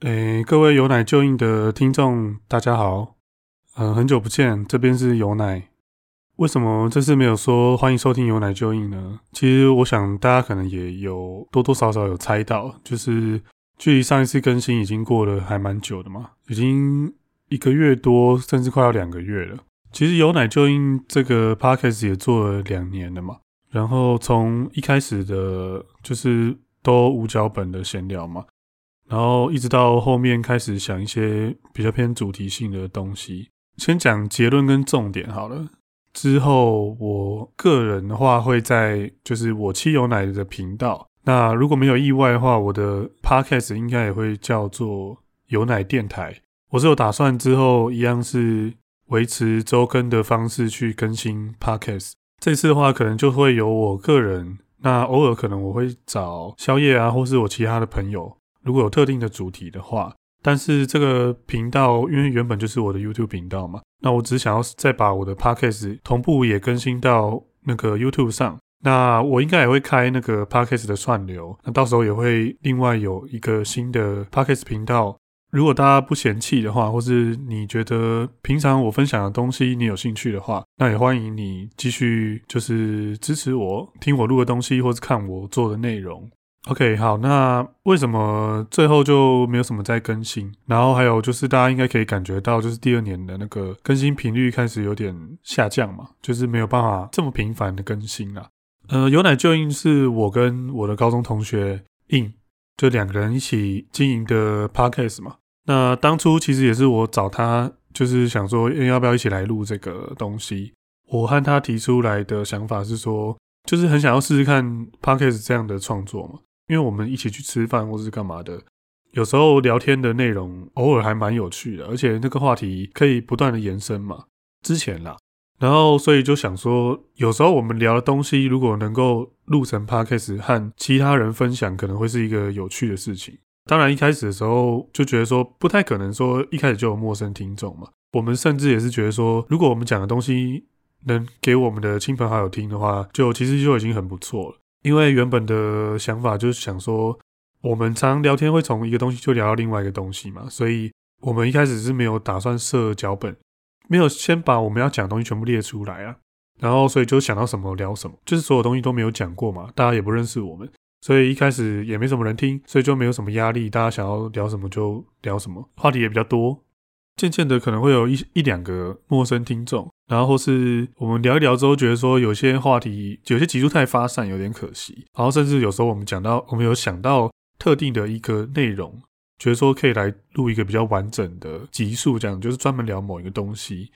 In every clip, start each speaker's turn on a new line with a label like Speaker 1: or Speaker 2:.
Speaker 1: 誒，各位有奶就印的聽眾，大家好，嗯、呃，很久不見，這邊是有奶。為什麼這次沒有說歡迎收聽有奶就印呢？其實我想大家可能也有多多少少有猜到，就是距離上一次更新已經過了還蠻久的嘛，已經一個月多，甚至快要兩個月了。其實有奶就印這個 podcast 也做了兩年了嘛，然後從一開始的，就是都無腳本的閒聊嘛。然後一直到後面開始想一些比較偏主題性的東西，先講結論跟重點好了。之後我個人的話會在就是我妻有奶的頻道，那如果沒有意外的話，我的 podcast 應該也會叫做有奶電台。我是有打算之後一樣是維持周更的方式去更新 podcast。這次的話，可能就會有我個人，那偶爾可能我會找宵夜啊，或是我其他的朋友。如果有特定的主題的話，但是這個頻道因為原本就是我的 YouTube 頻道嘛，那我只想要再把我的 Podcast 同步也更新到那個 YouTube 上。那我應該也會開那個 Podcast 的串流，那到時候也會另外有一個新的 Podcast 頻道。如果大家不嫌棄的話，或是你覺得平常我分享的東西你有興趣的話，那也歡迎你繼續就是支持我，聽我錄的東西，或是看我做的內容。OK，好，那為什麼最後就沒有什麼再更新？然後還有就是大家應該可以感覺到，就是第二年的那個更新頻率開始有點下降嘛，就是沒有辦法這麼頻繁的更新啦。呃，有奶就應硬是我跟我的高中同學硬就兩個人一起經營的 podcast 嘛。那當初其實也是我找他，就是想說要不要一起來錄這個東西。我和他提出來的想法是說，就是很想要試試看 podcast 這樣的創作嘛。因為我們一起去吃飯或是幹嘛的，有時候聊天的內容偶爾還蠻有趣的，而且那個話題可以不斷的延伸嘛。之前啦，然後所以就想說，有時候我們聊的東西如果能夠錄成 Podcast 和其他人分享，可能會是一個有趣的事情。當然，一開始的時候就覺得說不太可能說一開始就有陌生聽眾嘛。我們甚至也是覺得說，如果我們講的東西能給我們的親朋好友聽的話，就其實就已經很不錯了。因為原本的想法就是想說，我們常聊天會從一個東西就聊到另外一個東西嘛，所以我們一開始是沒有打算設腳本，沒有先把我們要講的東西全部列出來啊，然後所以就想到什麼聊什麼，就是所有東西都沒有講過嘛，大家也不認識我們，所以一開始也沒什麼人聽，所以就沒有什麼壓力，大家想要聊什麼就聊什麼，話題也比較多，漸漸的可能會有一一兩個陌生聽眾。然後或是我們聊一聊之後，覺得說有些話題有些集數太發散，有點可惜。然後甚至有時候我們講到，我們有想到特定的一個內容，覺得說可以來錄一個比較完整的集數這樣，樣就是專門聊某一個東西。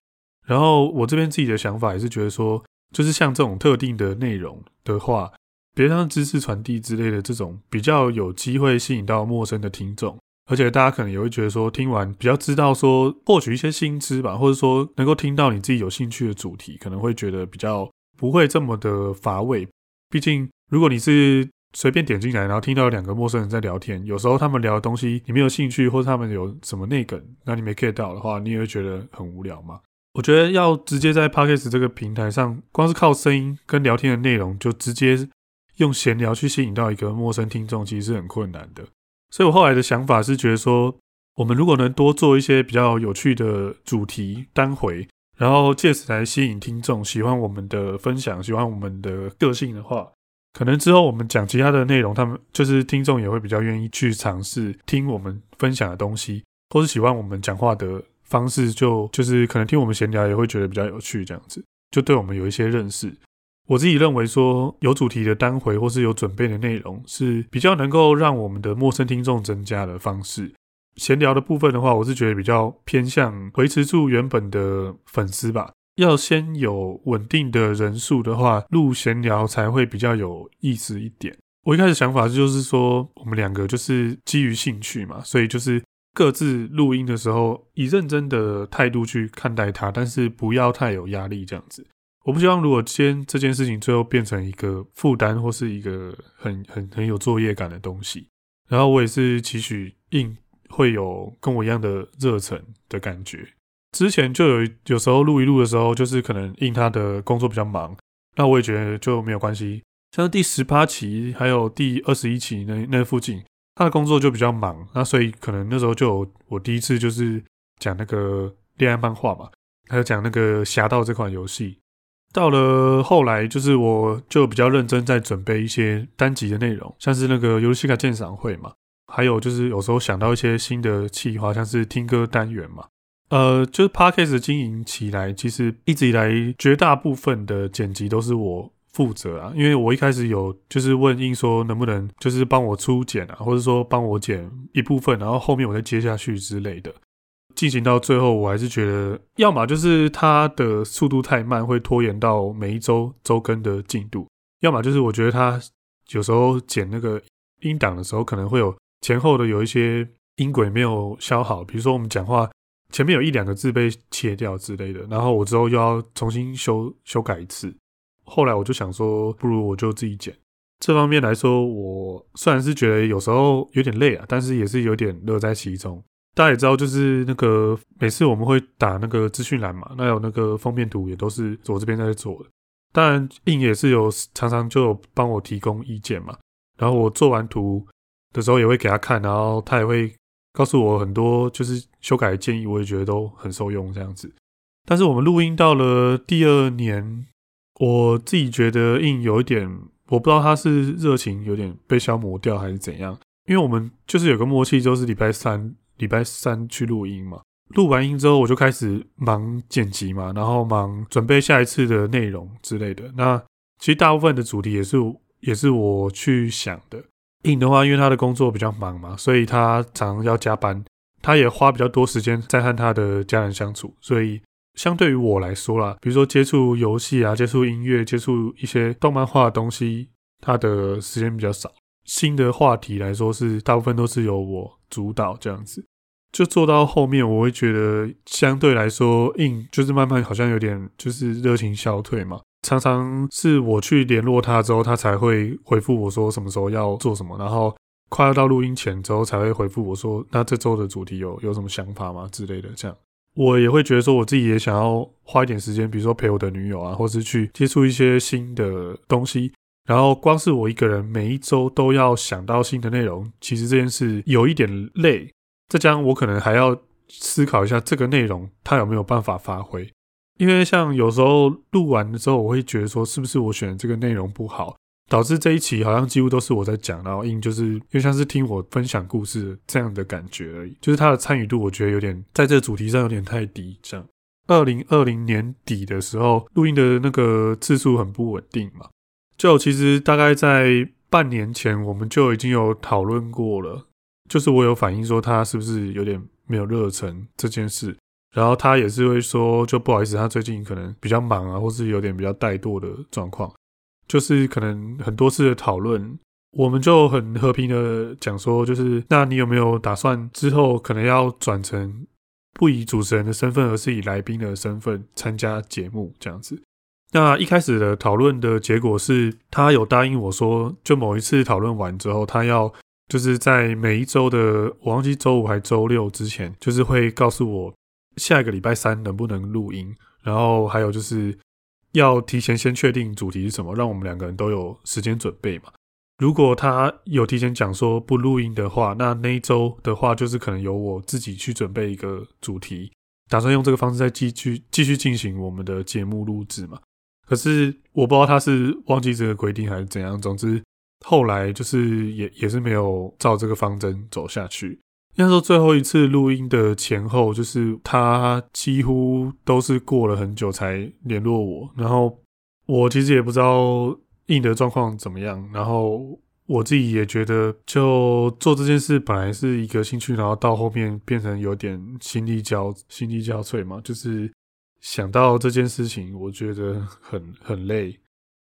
Speaker 1: 然後我這邊自己的想法也是覺得說，就是像這種特定的內容的話，別讓知識傳遞之類的這種比較有機會吸引到陌生的聽眾。而且大家可能也會覺得說，聽完比較知道說獲取一些新知吧，或者說能夠聽到你自己有興趣的主題，可能會覺得比較不會這麼的乏味。畢竟，如果你是隨便點進來，然後聽到兩個陌生人在聊天，有時候他們聊的東西你沒有興趣，或者他們有什麼內梗，那你沒 get 到的話，你也會覺得很無聊嘛。我覺得要直接在 Podcast 這個平台上，光是靠聲音跟聊天的內容，就直接用閒聊去吸引到一個陌生聽眾，其實是很困難的。所以我後來的想法是覺得說，我們如果能多做一些比較有趣的主題單回，然後借此來吸引聽眾喜歡我們的分享，喜歡我們的個性的話，可能之後我們講其他的內容，他們就是聽眾也會比較願意去嘗試聽我們分享的東西，或是喜歡我們講話的方式，就就是可能聽我們閒聊也會覺得比較有趣，這樣子就對我們有一些認識。我自己認為說，有主題的單回或是有準備的內容是比較能夠讓我們的陌生聽眾增加的方式。閒聊的部分的話，我是覺得比較偏向維持住原本的粉絲吧。要先有穩定的人數的話，錄閒聊才會比較有意思一點。我一開始想法是就是說，我們兩個就是基於興趣嘛，所以就是各自錄音的時候以認真的態度去看待它，但是不要太有壓力這樣子。我不希望如果今天這件事情最後變成一個負擔或是一個很很很有作業感的東西。然後我也是期許印會有跟我一樣的熱忱的感覺。之前就有有時候錄一錄的時候，就是可能印他的工作比較忙，那我也覺得就沒有關係。像第十八期還有第二十一期那那附近，他的工作就比較忙，那所以可能那時候就有我第一次就是講那個戀愛漫畫嘛，還有講那個俠盜這款遊戲。到了後來，就是我就比較認真在準備一些單集的內容，像是那個尤西卡鑑賞會嘛，還有就是有時候想到一些新的企劃，像是聽歌單元嘛，呃，就是 Podcast 經營起來，其實一直以來絕大部分的剪輯都是我負責啊，因為我一開始有就是問硬說能不能就是幫我初剪啊，或者說幫我剪一部分，然後後面我再接下去之類的。進行到最後，我還是覺得，要麼就是它的速度太慢，會拖延到每一周周更的進度；要麼就是我覺得它有時候剪那個音檔的時候，可能會有前後的有一些音軌沒有削好，比如說我們講話前面有一兩個字被切掉之類的，然後我之後又要重新修修改一次。後來我就想說，不如我就自己剪。這方面來說，我雖然是覺得有時候有點累啊，但是也是有點樂在其中。大家也知道，就是那個每次我們會打那個資訊欄嘛，那有那個封面圖也都是我這邊在做的。當然，印也是有常常就幫我提供意見嘛。然後我做完圖的時候也會給他看，然後他也會告訴我很多就是修改的建議，我也覺得都很受用這樣子。但是我們錄音到了第二年，我自己覺得印有一點，我不知道他是熱情有點被消磨掉還是怎樣。因為我們就是有個默契，就是禮拜三。禮拜三去錄音嘛，錄完音之後我就開始忙剪輯嘛，然後忙準備下一次的內容之類的。那其實大部分的主題也是也是我去想的。影的話，因為他的工作比較忙嘛，所以他常常要加班，他也花比較多時間在和他的家人相處。所以相對於我來說啦，比如說接觸遊戲啊、接觸音樂、接觸一些動漫畫的東西，他的時間比較少。新的話題來說是，是大部分都是由我主導這樣子。就做到後面，我會覺得相對來說硬，就是慢慢好像有點就是熱情消退嘛。常常是我去聯絡他之後，他才會回復我說什麼時候要做什麼，然後快要到錄音前之後才會回復我說，那這週的主題有有什麼想法嗎之類的。這樣我也會覺得說，我自己也想要花一點時間，比如說陪我的女友啊，或是去接觸一些新的東西。然後光是我一個人，每一周都要想到新的內容，其實這件事有一點累。這將我可能還要思考一下這個內容，它有沒有辦法發揮？因為像有時候錄完的時候，我會覺得說，是不是我選的這個內容不好，導致這一期好像幾乎都是我在講，然後硬就是又像是聽我分享故事這樣的感覺而已。就是它的參與度，我覺得有點在這個主題上有點太低。這樣，二零二零年底的時候，錄音的那個次數很不穩定嘛，就其實大概在半年前，我們就已經有討論過了。就是我有反映說他是不是有點沒有熱忱這件事，然後他也是會說，就不好意思，他最近可能比較忙啊，或是有點比較怠惰的狀況。就是可能很多次的討論，我們就很和平的講說，就是那你有沒有打算之後可能要轉成不以主持人的身份，而是以來賓的身份參加節目這樣子？那一開始的討論的結果是，他有答應我說，就某一次討論完之後，他要。就是在每一周的，我忘記周五還周六之前，就是會告訴我下一個禮拜三能不能錄音，然後還有就是要提前先確定主題是什麼，讓我們兩個人都有時間準備嘛。如果他有提前講說不錄音的話，那那一周的話就是可能由我自己去準備一個主題，打算用這個方式再繼續繼續進行我們的節目錄制嘛。可是我不知道他是忘記這個規定還是怎樣，總之。後來就是也也是沒有照這個方針走下去。那時候最後一次錄音的前後，就是他幾乎都是過了很久才聯絡我。然後我其實也不知道應的狀況怎麼樣。然後我自己也覺得，就做這件事本來是一個興趣，然後到後面變成有點心力交心力交瘁嘛。就是想到這件事情，我覺得很很累。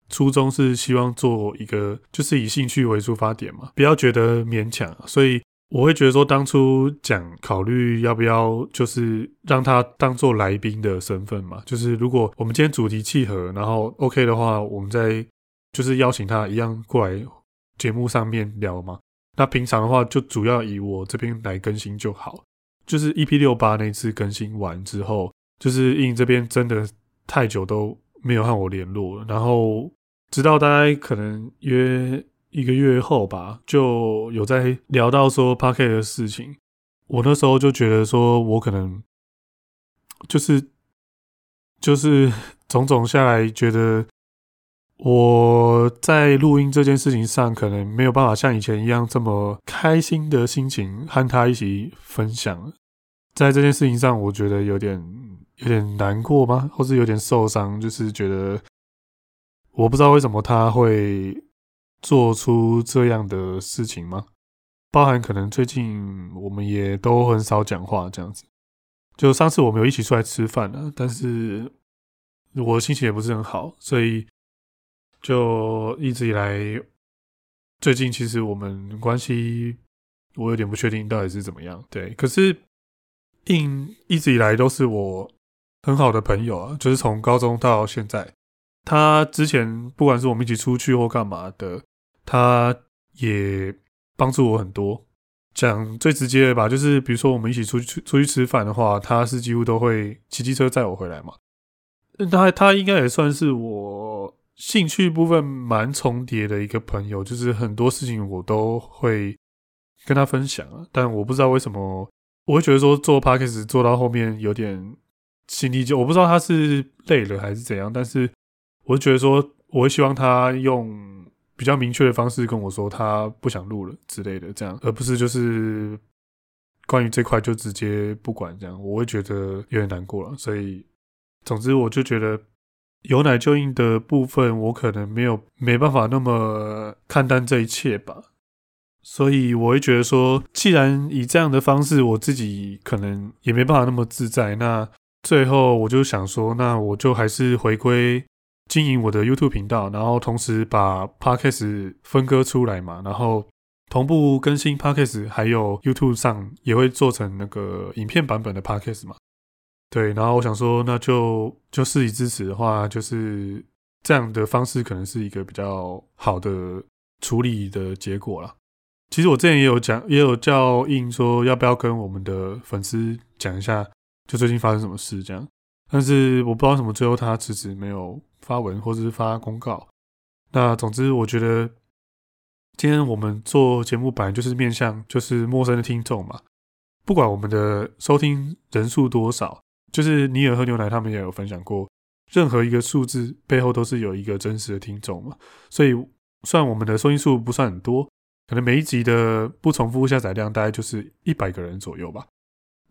Speaker 1: 初衷是希望做一個，就是以興趣為出發點嘛，不要覺得勉強。所以我會覺得說，當初講考慮要不要，就是讓他當做來賓的身份嘛。就是如果我們今天主題契合，然後 OK 的話，我們再就是邀請他一樣過來節目上面聊嘛。那平常的話，就主要以我這邊來更新就好。就是 EP 68那次更新完之後，就是因為這邊真的太久都。沒有和我聯絡，然後直到大概可能約一個月後吧，就有在聊到說 Podcast 的事情。我那時候就覺得說，我可能就是就是種種下來，覺得我在錄音這件事情上，可能沒有辦法像以前一樣這麼開心的心情和他一起分享。在這件事情上，我覺得有點。有點難過嗎？或是有點受傷？就是覺得我不知道為什麼他會做出這樣的事情嗎？包含可能最近我們也都很少講話，這樣子。就上次我們有一起出來吃飯了啊，但是我心情也不是很好，所以就一直以來，最近其實我們關係我有點不確定到底是怎麼樣。對，可是應一直以來都是我。很好的朋友啊，就是從高中到現在，他之前不管是我們一起出去或幹嘛的，他也幫助我很多。講最直接的吧，就是比如說我們一起出去出去吃飯的話，他是幾乎都會騎機車載我回來嘛。那他，他應該也算是我興趣部分蠻重疊的一個朋友，就是很多事情我都會跟他分享啊。但我不知道為什麼，我會覺得說做 podcast 做到後面有點。心裡就我不知道他是累了還是怎樣，但是我覺得說我會希望他用比較明確的方式跟我說他不想錄了之類的，這樣，而不是就是關於這塊就直接不管這樣，我會覺得有點難過了。所以，總之我就覺得有奶就硬的部分，我可能沒有沒辦法那麼看淡這一切吧。所以我會覺得說，既然以這樣的方式，我自己可能也沒辦法那麼自在，那。最後，我就想說，那我就還是回歸經營我的 YouTube 頻道，然後同時把 Podcast 分割出來嘛，然後同步更新 Podcast，還有 YouTube 上也會做成那個影片版本的 Podcast 嘛。對，然後我想說，那就就事已至此的話，就是這樣的方式可能是一個比較好的處理的結果了。其實我之前也有講，也有叫 in 說要不要跟我們的粉絲講一下。就最近發生什麼事這樣，但是我不知道為什麼，最後他辭職沒有發文或者是發公告。那總之，我覺得今天我們做節目本來就是面向就是陌生的聽眾嘛，不管我們的收聽人數多少，就是尼爾喝牛奶他們也有分享過，任何一個數字背後都是有一個真實的聽眾嘛。所以，算我們的收聽數不算很多，可能每一集的不重複下載量大概就是一百個人左右吧。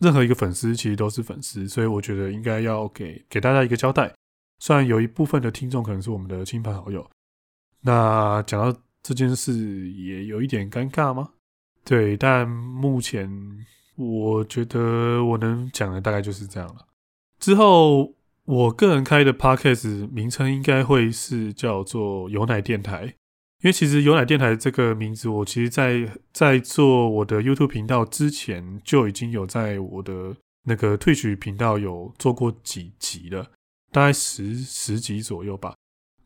Speaker 1: 任何一個粉絲其實都是粉絲，所以我覺得應該要給給大家一個交代。雖然有一部分的聽眾可能是我們的親朋好友，那講到這件事也有一點尷尬嗎？對，但目前我覺得我能講的大概就是這樣了。之後我個人開的 Podcast 名稱應該會是叫做“有奶電台”。因為其實“有奶電台”這個名字，我其實在，在在做我的 YouTube 頻道之前，就已經有在我的那個 Twitch 頻道有做過幾集了，大概十十集左右吧。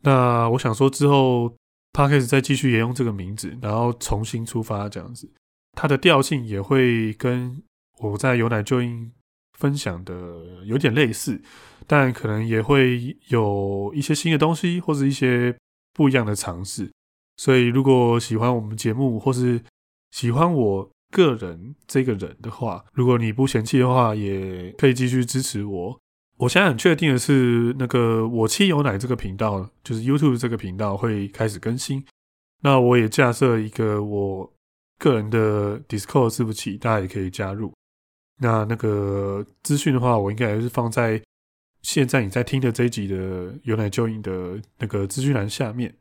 Speaker 1: 那我想說，之後 Podcast 再繼續沿用這個名字，然後重新出發這樣子，它的調性也會跟我在有奶就應分享的有點類似，但可能也會有一些新的東西，或者一些不一樣的嘗試。所以，如果喜歡我們節目，或是喜歡我個人這個人的話，如果你不嫌棄的話，也可以繼續支持我。我現在很確定的是，那個我妻有奶這個頻道，就是 YouTube 這個頻道會開始更新。那我也架設一個我個人的 Discord 伺服器，大家也可以加入。那那個資訊的話，我應該還是放在現在你在聽的這一集的有奶就飲的那個資訊欄下面。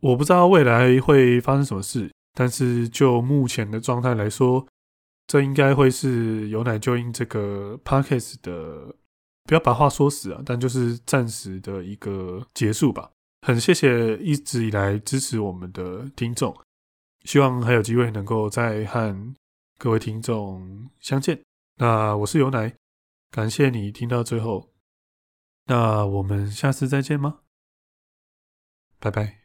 Speaker 1: 我不知道未來會發生什麼事，但是就目前的狀態來說，這應該會是有奶就因這個 Podcast 的，不要把話說死啊，但就是暫時的一個結束吧。很謝謝一直以來支持我們的聽眾，希望還有機會能夠再和各位聽眾相見。那我是有奶，感謝你聽到最後，那我們下次再見嗎？拜拜。